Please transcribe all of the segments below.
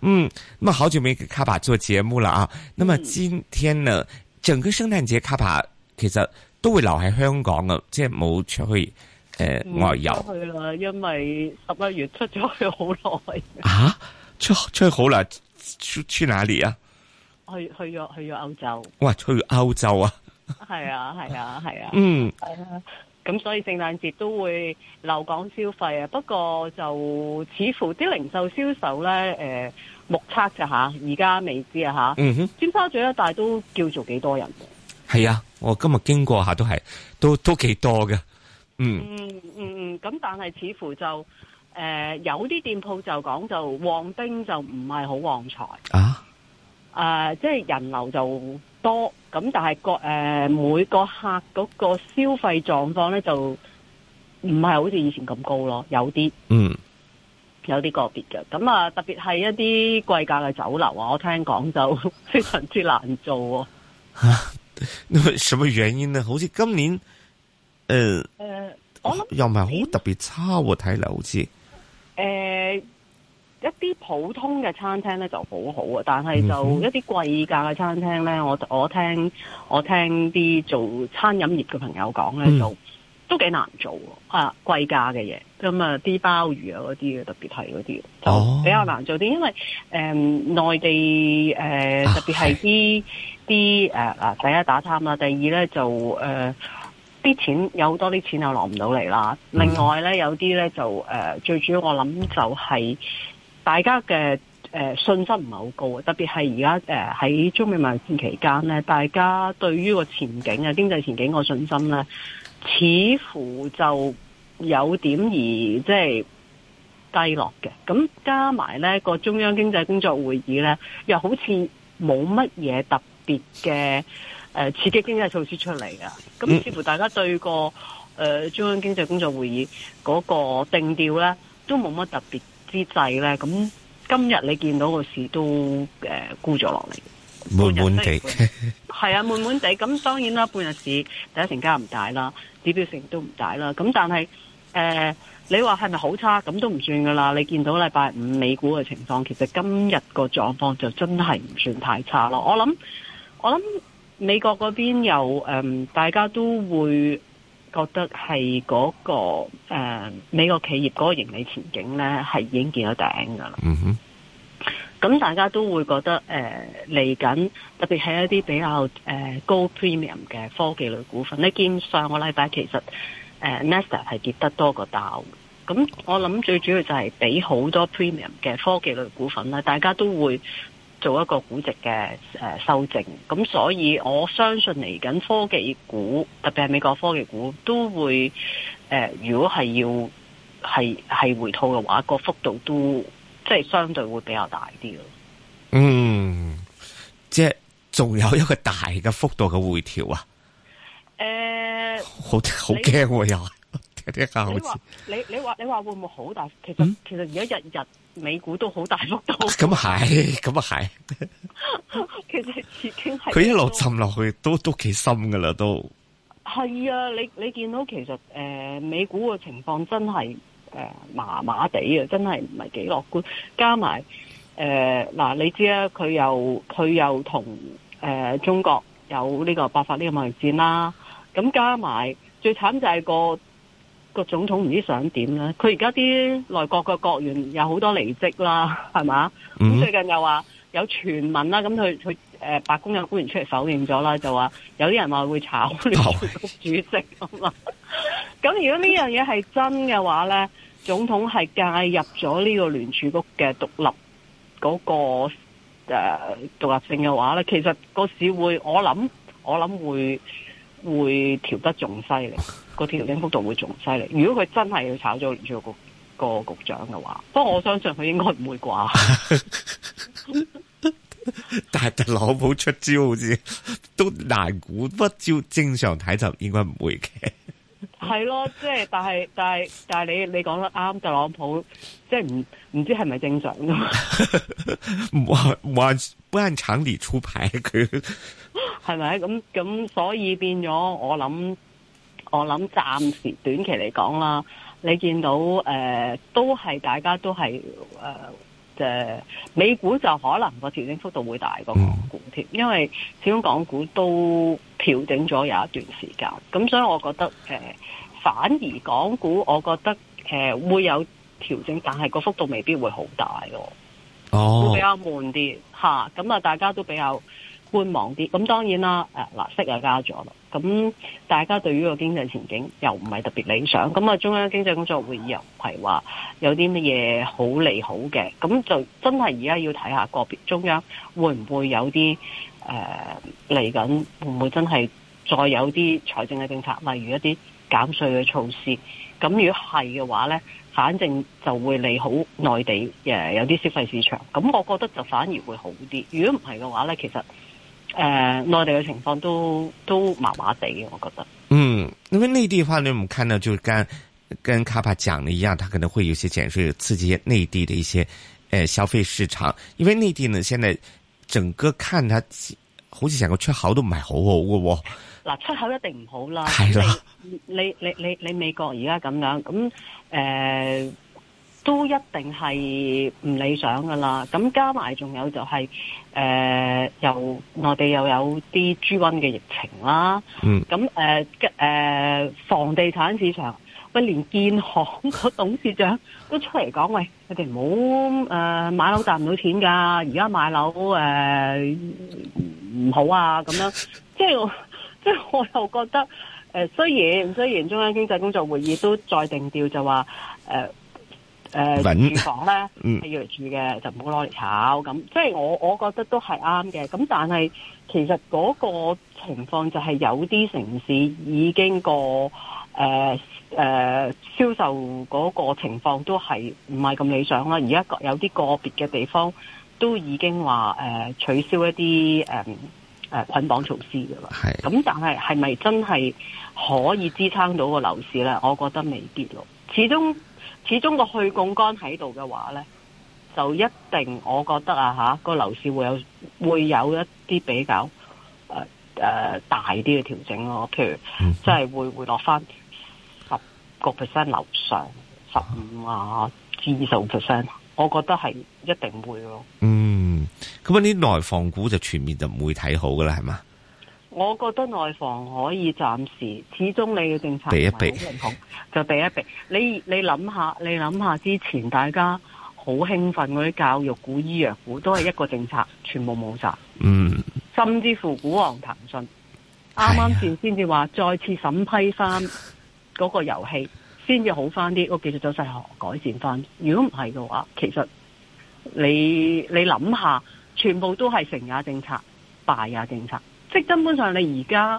嗯，咁啊，好久未卡爸做節目啦啊！咁啊，今天呢，嗯、整個聖誕節卡爸其實都會留喺香港啊，即係冇出去誒、呃嗯、外遊。去啦，因為十一月出咗去、啊、去，去好耐。吓，出出去好耐，去去哪裏啊？去去咗去咗歐洲。哇！去歐洲啊？係啊係啊係啊。是啊是啊嗯。係啊。咁所以聖誕節都會留港消費啊，不過就似乎啲零售銷售咧、呃，目測就下，而家未知啊吓，嗯哼，尖沙咀一帶都叫做幾多人嘅。係啊，我今日經過下都係，都都幾多嘅。嗯嗯嗯，咁、嗯嗯、但係似乎就、呃、有啲店鋪就講就旺丁就唔係好旺財啊。誒、呃，即係人流就。多咁，但係個誒每個客嗰個消費狀況咧，就唔係好似以前咁高咯。有啲嗯，有啲個別嘅，咁啊，特別係一啲貴價嘅酒樓啊，我聽講就非常之難做啊。咁什麼原因呢？好似今年誒誒、呃呃，我又唔係好特別差喎，睇嚟好似誒。一啲普通嘅餐廳咧就好好啊，但係就一啲貴價嘅餐廳咧，我我聽我聽啲做餐飲業嘅朋友講咧，嗯、就都幾難做啊，貴價嘅嘢咁啊，啲鮑魚啊嗰啲嘅特別係嗰啲，就比較難做啲，因為誒、呃、內地誒、呃、特別係啲啲嗱第一打貪啦，第二咧就誒啲、呃、錢有好多啲錢又攞唔到嚟啦，另外咧有啲咧就誒、呃、最主要我諗就係、是。大家嘅、呃、信心唔係好高啊，特別係而家誒喺中美貿易戰期間咧，大家對於個前景啊、經濟前景個信心咧，似乎就有點而即係低落嘅。咁加埋咧個中央經濟工作會議咧，又好似冇乜嘢特別嘅誒刺激經濟措施出嚟噶。咁、嗯、似乎大家對個誒、呃、中央經濟工作會議嗰個定調咧，都冇乜特別。之際呢，咁今日你見到個市都誒沽咗落嚟，悶悶地，係日 啊，悶悶地。咁當然啦，半日市第一成交唔大啦，指標性都唔大啦。咁但係誒、呃，你話係咪好差？咁都唔算噶啦。你見到禮拜五美股嘅情況，其實今日個狀況就真係唔算太差咯。我諗我諗美國嗰邊有、呃、大家都會。覺得係嗰、那個、呃、美國企業嗰個盈利前景呢，係已經見到頂噶啦。咁、mm hmm. 大家都會覺得誒嚟緊，特別係一啲比較誒、呃、高 premium 嘅科技類股份。呢見上個禮拜其實誒、呃、Nestle 係跌得多過 Dow 咁我諗最主要就係畀好多 premium 嘅科技類股份咧，大家都會。做一個估值嘅誒修正，咁所以我相信嚟緊科技股，特別係美國科技股都會誒、呃，如果係要係係回吐嘅話，個幅度都即係相對會比較大啲咯。嗯，即係仲有一個大嘅幅度嘅回調啊！誒、uh,，好好驚又。你 好你話你你話你話會唔會好大？嗯，其實其實而家日日美股都好大幅度。咁係，啊，係，咁啊係。 其實已經係佢一路沉落去都都幾深噶啦，都係啊！你你見到其實誒、呃、美股嘅情況真係誒麻麻地啊，真係唔係幾樂觀。加埋誒嗱，你知啊，佢又佢又同誒中國有呢個爆發呢個貿易戰啦。咁加埋最慘就係個。個總統唔知想點咧？佢而家啲內閣嘅國員有好多離職啦，係嘛？咁、mm hmm. 最近又話有傳聞啦，咁佢佢誒白宮有官員出嚟否認咗啦，就話有啲人話會炒聯儲局主席啊嘛。咁 如果呢樣嘢係真嘅話咧，總統係介入咗，那個呃、呢個聯儲局嘅獨立嗰個誒獨立性嘅話咧，其實個市會我諗我諗會會調得仲犀利。個調整幅度會仲犀利，如果佢真係要炒咗聯儲局個局，局長嘅話，不過我相信佢應該唔會啩。但係特朗普出招好似都難估不招，正常睇就應該唔會嘅。係 咯， 即係但係但係但係你你講得啱，特朗普即係唔唔知係咪正常噶嘛？還還不按常理出牌，佢係咪咁咁？所以變咗我諗。我諗暫時短期嚟講啦，你見到誒、呃、都係大家都係誒嘅美股就可能個調整幅度會大過港股添，因為始終港股都調整咗有一段時間，咁所以我覺得誒、呃、反而港股我覺得誒、呃、會有調整，但係個幅度未必會好大喎，會比較悶啲吓。咁啊、哦、大家都比較。觀望啲，咁當然啦，誒嗱息又加咗啦，咁大家對於個經濟前景又唔係特別理想，咁啊中央經濟工作會議又係話有啲乜嘢好利好嘅，咁就真係而家要睇下個別中央會唔會有啲誒嚟緊，呃、會唔會真係再有啲財政嘅政策，例如一啲減稅嘅措施，咁如果係嘅話呢，反正就會利好內地誒有啲消費市場，咁我覺得就反而會好啲，如果唔係嘅話呢，其實。誒、呃，內地嘅情況都都麻麻地嘅，我覺得。嗯，因為內地嘅話咧，我們看到就跟跟卡帕講嘅一樣，佢可能會有些減稅，刺激內地嘅一些誒、呃、消費市場。因為內地呢，現在整個看，佢國際情況，其實好多唔係好好嘅。嗱，出口一定唔好啦，係啦，你你你你，你美國而家咁樣咁誒。嗯呃都一定係唔理想噶啦。咁加埋仲有就係、是、誒、呃，又內地又有啲豬瘟嘅疫情啦。咁誒、嗯呃呃，房地產市場喂，連建行個董事長都出嚟講，喂，你哋唔好誒買樓賺唔到錢㗎。而家買樓誒唔、呃、好啊，咁樣即係我即係，我又覺得誒、呃，雖然雖然中央經濟工作會議都再定調就，就話誒。誒、呃，住房咧係、嗯、要嚟住嘅，就唔好攞嚟炒咁。即係我我覺得都係啱嘅。咁但係其實嗰個情況就係有啲城市已經個誒誒銷售嗰個情況都係唔係咁理想啦。而家有啲個別嘅地方都已經話誒、呃、取消一啲誒誒捆綁措施噶啦。係咁是，但係係咪真係可以支撐到個樓市咧？我覺得未必咯，始終。始終個去槓杆喺度嘅話咧，就一定我覺得啊吓個樓市會有會有一啲比較誒誒、呃呃、大啲嘅調整咯，譬如即係會,會回落翻十個 percent 樓上十五啊至二十五 percent，我覺得係一定會咯。嗯，咁啊呢內房股就全面就唔會睇好噶啦，係嘛？我覺得內房可以暫時，始終你嘅政策唔係好認同，避一避就避一避。你你諗下，你諗下之前大家好興奮嗰啲教育股、醫藥股都係一個政策，全部冇曬。嗯。甚至乎股王騰訊，啱啱先先至話再次審批翻嗰個遊戲，先至好翻啲個技術，走勢改善翻。如果唔係嘅話，其實你你諗下，全部都係成也政策，敗也政策。即根本上，你而家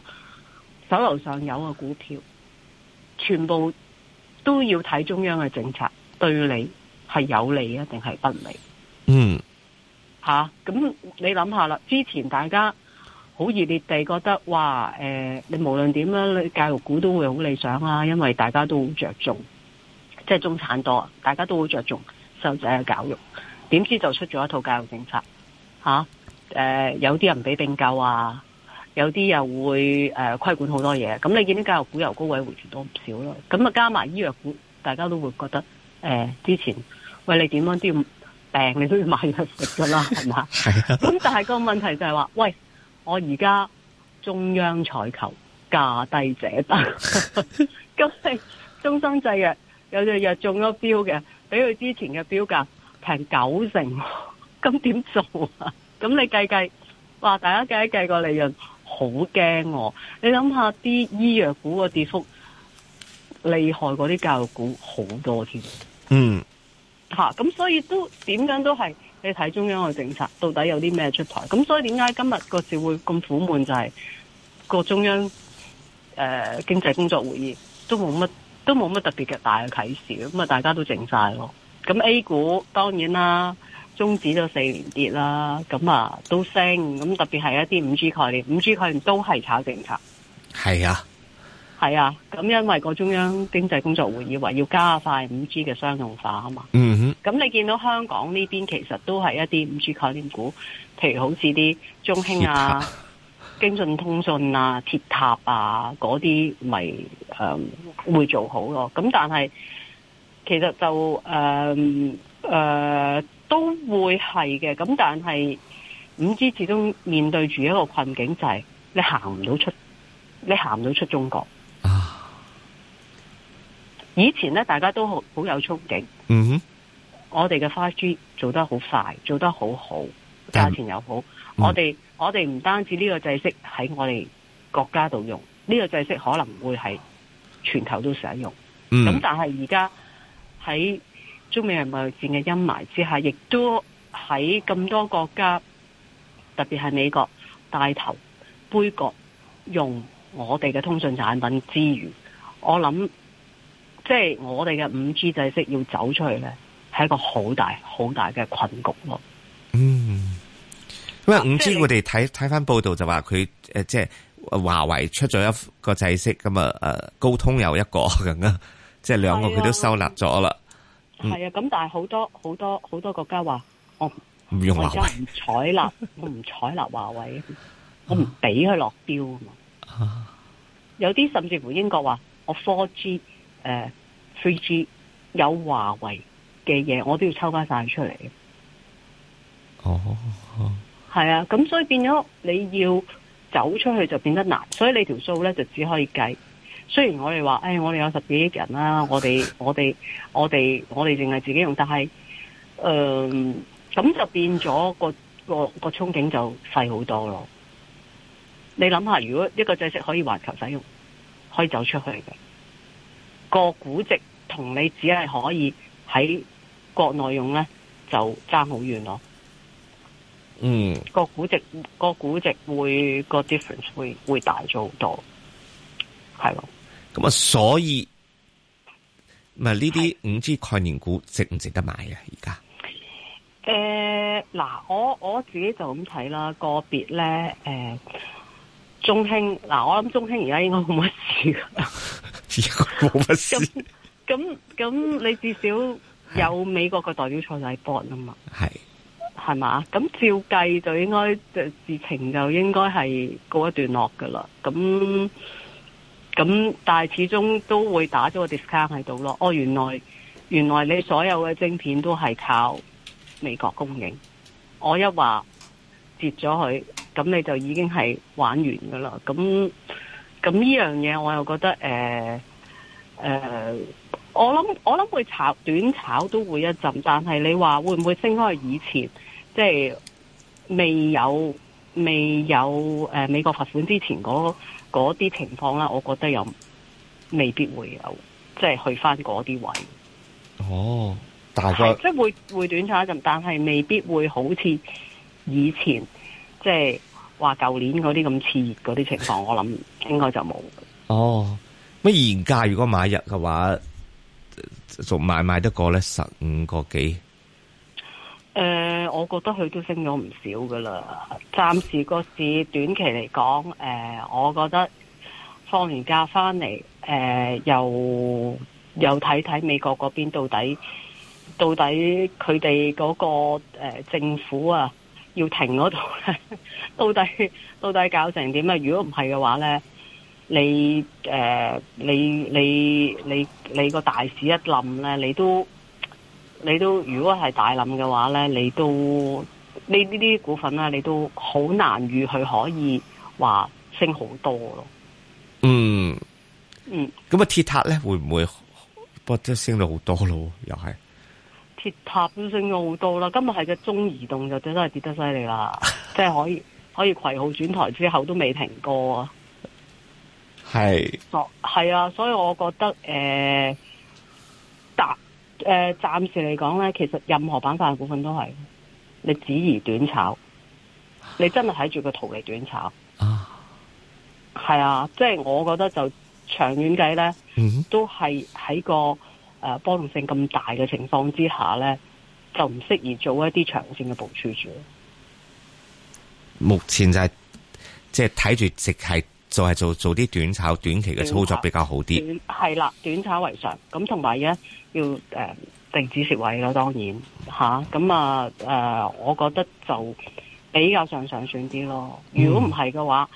手頭上有嘅股票，全部都要睇中央嘅政策對你係有利啊，定係不利？嗯，吓、咁、啊、你諗下啦。之前大家好熱烈地覺得，哇，誒、呃，你無論點樣，你教育股都會好理想啊，因為大家都好着重即係中產多啊，大家都好着重細路仔嘅教育。點知就出咗一套教育政策，吓、啊、誒、呃，有啲人俾併購啊。有啲又會誒規、呃、管好多嘢，咁你見啲教育股又高位回調多唔少咯？咁啊加埋醫藥股，大家都會覺得誒、呃、之前，喂你點樣都要病，你都要買藥食噶啦，係嘛？係。咁但係個問題就係話，喂，我而家中央採購價低者得，咁 你中生製藥有隻藥中咗標嘅，比佢之前嘅標價平九成，咁 點做啊？咁 你計計，哇！大家計一計個利潤。.好驚喎，你諗下啲醫藥股個跌幅厲害過啲教育股好多添，嗯，吓咁、啊、所以都點樣都係你睇中央嘅政策到底有啲咩出台？咁所以點解今日個市會咁苦悶，就是？就係個中央誒、呃、經濟工作會議都冇乜都冇乜特別嘅大嘅啟示，咁啊大家都靜晒咯。咁 A 股當然啦。中止咗四年跌啦，咁啊都升，咁特別係一啲五 G 概念，五 G 概念都係炒政策，係啊，係啊，咁因為個中央經濟工作會議話要加快五 G 嘅商用化啊嘛，嗯哼，咁你見到香港呢邊其實都係一啲五 G 概念股，譬如好似啲中興啊、京信通訊啊、鐵塔啊嗰啲，咪誒、就是嗯、會做好咯，咁但係其實就誒誒。呃呃都會係嘅，咁但係五 G 始終面對住一個困境，就係你行唔到出，你行唔到出中國。啊！以前咧，大家都好好有憧憬。嗯哼，我哋嘅五 G 做得好快，做得好好，價錢又好。嗯、我哋我哋唔單止呢個制式喺我哋國家度用，呢、呢個制式可能會係全球都使用。嗯，咁但係而家喺。中美人貿易戰嘅陰霾之下，亦都喺咁多國家，特別係美國帶頭杯葛用我哋嘅通訊產品之餘，我諗即係我哋嘅五 G 制式要走出去咧，係一個好大好大嘅困局咯。嗯，因為五 G 我哋睇睇翻報道就話佢，誒，即係華為出咗一個制式，咁啊，誒，高通有一個咁 即係兩個佢都收納咗啦。係啊，咁、嗯、但係好多好多好多國家話我唔用，我而家唔採納，我唔採納華為，我唔俾佢落標啊嘛。 有啲甚至乎英國話我 4G 誒、呃、，3G 有華為嘅嘢，我都要都抽翻晒出嚟。哦 ，係啊，咁所以變咗你要走出去就變得難，所以你條數咧就只可以計。雖然我哋話，誒、哎，我哋有十幾億人啦、啊，我哋我哋我哋我哋淨係自己用，但係，嗯、呃，咁就變咗個個個憧憬就細好多咯。你諗下，如果一個制式可以環球使用，可以走出去嘅，個估值同你只係可以喺國內用咧，就爭好遠咯。嗯，個，個估值個估值會個 difference 會會大咗好多，係咯。咁啊，所以咪呢啲五 G 概念股值唔值得買啊？而家誒，嗱、呃，我我自己就咁睇啦，個別咧，誒、呃，中興嗱，我諗中興而家應該冇乜事，冇乜 事。咁咁，你至少有美國嘅代表賽就係博啊嘛，係係嘛？咁照計就應該，事情就應該係告一段落噶啦，咁。咁但係始終都會打咗個 discount 喺度咯。我、哦、原來原來你所有嘅晶片都係靠美國供應，我一話跌咗佢，咁你就已經係玩完噶啦。咁咁呢樣嘢我又覺得誒誒、呃呃，我諗我諗會炒短炒都會一陣，但係你話會唔會升開以前即係、就是、未有？未有誒、呃、美國罰款之前嗰啲情況啦，我覺得又未必會有，即係去返嗰啲位置。哦，大概即係會會短暫一陣，但係未必會好似以前即係話舊年嗰啲咁熾熱嗰啲情況， 我諗應該就冇。哦，咩現價如果買入嘅話，仲買買得過咧十五個幾？誒、呃，我覺得佢都升咗唔少噶啦。暫時個市短期嚟講，誒、呃，我覺得放完假翻嚟，誒、呃，又又睇睇美國嗰邊到底到底佢哋嗰個、呃、政府啊，要停嗰度，到底到底搞成點啊？如果唔係嘅話咧，你誒、呃、你你你你個大市一冧咧，你都～你都如果係大冧嘅話咧，你都呢呢啲股份咧，啊，你都好難預佢可以話升好多咯。嗯嗯，咁啊，嗯，鐵塔咧會唔會不即升咗好多咯？又係鐵塔都升咗好多啦。今日係個中移動就真係跌得犀利啦， 即係可以可以攜號轉台之後都未停過啊。係是，所係，哦，啊，所以我覺得誒，呃誒，暫時嚟講咧，其實任何板塊嘅股份都係，你只宜短炒，你真係睇住個圖嚟短炒。啊，係啊，即係我覺得就長遠計咧，都係喺個誒波動性咁大嘅情況之下咧，就唔適宜做一啲長線嘅部署住。目前就係即係睇住直係。就係做做啲短炒短期嘅操作比較好啲，係啦，短炒為上。咁同埋咧，要誒定止蝕位咯，當然吓。咁啊誒，我覺得就比較上上算啲咯。如果唔係嘅話，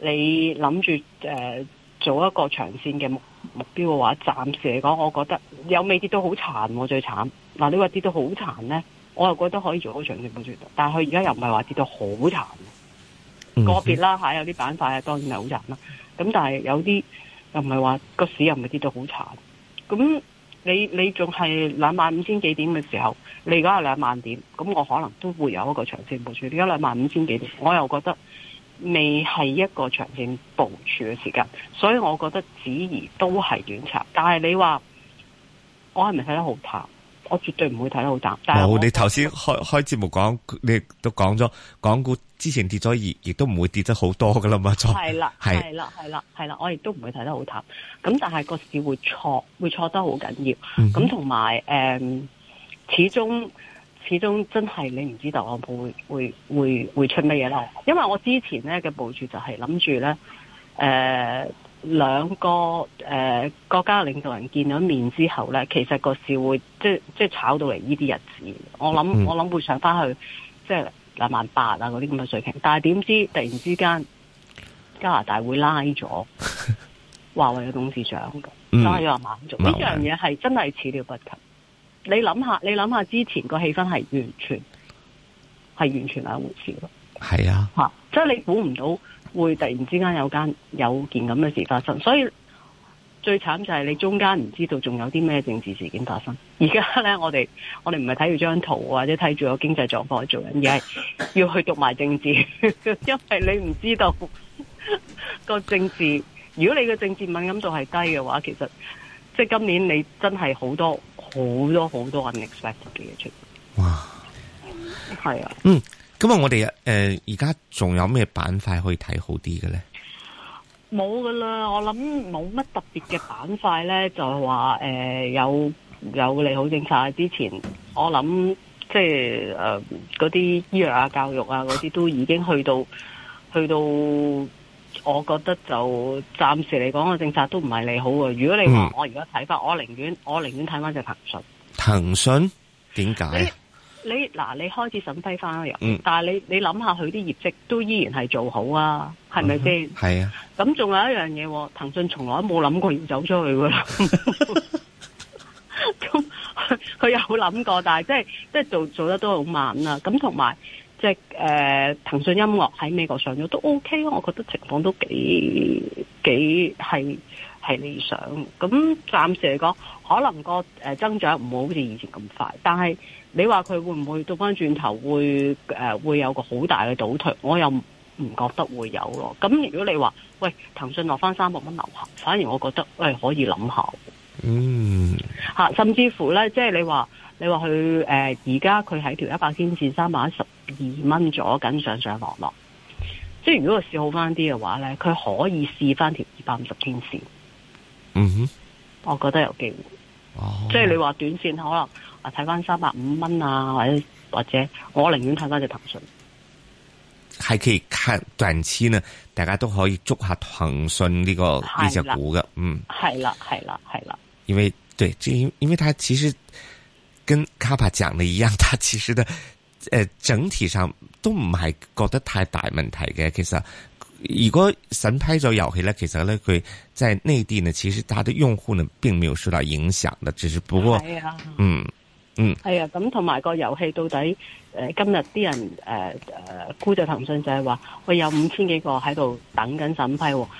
你諗住誒做一個長線嘅目目標嘅話，暫時嚟講，我覺得有未跌到好殘，最慘嗱。你話跌到好殘咧，我又覺得可以做好長線嘅選擇。但係佢而家又唔係話跌到好殘。嗯、個別啦吓，有啲板塊啊，當然係好慘啦。咁但係有啲又唔係話個市又唔係跌到好慘。咁你你仲係兩萬五千幾點嘅時候，你而家係兩萬點，咁我可能都會有一個長線部署。你而家兩萬五千幾點，我又覺得未係一個長線部署嘅時間，所以我覺得子怡都係短炒。但係你話我係咪睇得好淡？我絕對唔會睇得好淡，但係，冇你頭先開開節目講，你都講咗港股之前跌咗二，亦都唔會跌得好多噶啦嘛，錯，係啦，係啦，係啦，係啦，我亦都唔會睇得好淡，咁但係個市會錯，會錯得好緊要，咁同埋誒，始終始終真係你唔知道，我會會會會出乜嘢咯，因為我之前咧嘅部署就係諗住咧，誒、呃。兩個誒、呃、國家領導人見咗面之後咧，其實個市會，會即係即係炒到嚟呢啲日子。我諗、嗯、我諗會上翻去即係兩萬八啊嗰啲咁嘅水平，但係點知突然之間加拿大會拉咗華為嘅董事長拉咗孟晚舟，呢樣嘢係真係始料不及。你諗下，你諗下之前個氣氛係完全係完全係一回事咯。係是啊，啊，吓即係你估唔到。會突然之間有間有件咁嘅事發生，所以最慘就係你中間唔知道仲有啲咩政治事件發生。而家咧，我哋我哋唔係睇住張圖或者睇住個經濟狀況去做人，而係要去讀埋政治，因為你唔知道個政治。如果你嘅政治敏感度係低嘅話，其實即係今年你真係好多好多好多 unexpected 嘅嘢出。哇，係啊，嗯。咁啊！我哋誒，而家仲有咩板塊可以睇好啲嘅咧？冇噶啦，我諗冇乜特別嘅板塊咧，就係話誒有有利好政策。之前我諗即係誒嗰啲醫藥啊、教育啊嗰啲都已經去到 去到，我覺得就暫時嚟講個政策都唔係利好嘅。如果你話我而家睇法，我寧願我寧願睇翻就係騰訊。騰訊點解？為什麼？你嗱，你開始審批翻、嗯、但係你你諗下，佢啲業績都依然係做好啊，係咪先係啊？咁仲有一樣嘢，騰訊從來都冇諗過要走出去噶啦。咁佢 有諗過，但係即係即係做做得都好慢啊。咁同埋即係誒、呃、騰訊音樂喺美國上咗都 O K 咯。我覺得情況都幾幾係係理想。咁暫時嚟講，可能個誒增長唔會好似以前咁快，但係。你話佢會唔會到翻轉頭會誒、呃、會有個好大嘅倒退？我又唔覺得會有咯。咁如果你話喂，騰訊落翻三百蚊樓下，反而我覺得喂、欸、可以諗下。嗯，吓、啊、甚至乎咧，即、就、係、是、你話你話佢誒而家佢喺條一百天線三百一十二蚊咗緊上上落落。即係如果個市好翻啲嘅話咧，佢可以試翻條二百五十天線。嗯哼，我覺得有機會。哦、即係你話短線可能啊睇翻三百五蚊啊，或者或者我寧願睇翻隻騰訊，係可以看短期呢，大家都可以捉下騰訊呢、呢個呢隻的股㗎。嗯，係啦係啦係啦，因為對，因因為佢其實跟卡帕講嘅一樣，佢其實的誒、呃、整體上都唔係覺得太大問題嘅，其實。如果審批咗遊戲咧，其實咧佢在內地呢，其實它的用戶呢，並沒有受到影響的，只是不過，嗯、啊、嗯，係、嗯、啊，咁同埋個遊戲到底，誒、呃、今日啲人誒誒估咗騰訊就係話，喂，有五千幾個喺度等緊審批，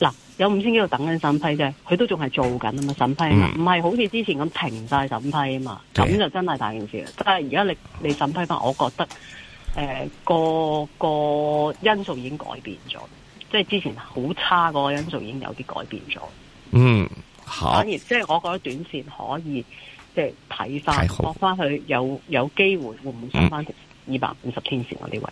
嗱有五千幾個等緊審批啫，佢都仲係做緊啊嘛，審批嘛，唔係好似之前咁停晒審批啊嘛，咁、嗯、就真係大件事啊，對但係而家你你審批翻，我覺得。誒、呃，個個因素已經改變咗，即係之前好差嗰個因素已經有啲改變咗。嗯，好。反而即係我覺得短線可以，即係睇翻，落翻後去有有機會會唔會收翻二百五十天線嗰呢位？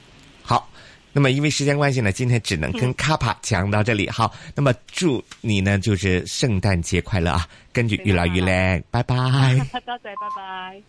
好，那麼因為時間關係呢，今天只能跟卡帕講到這裏。嗯、好，那麼祝你呢，就是聖誕節快樂啊，跟住越嚟越靚，拜拜。拜拜 多謝，拜拜。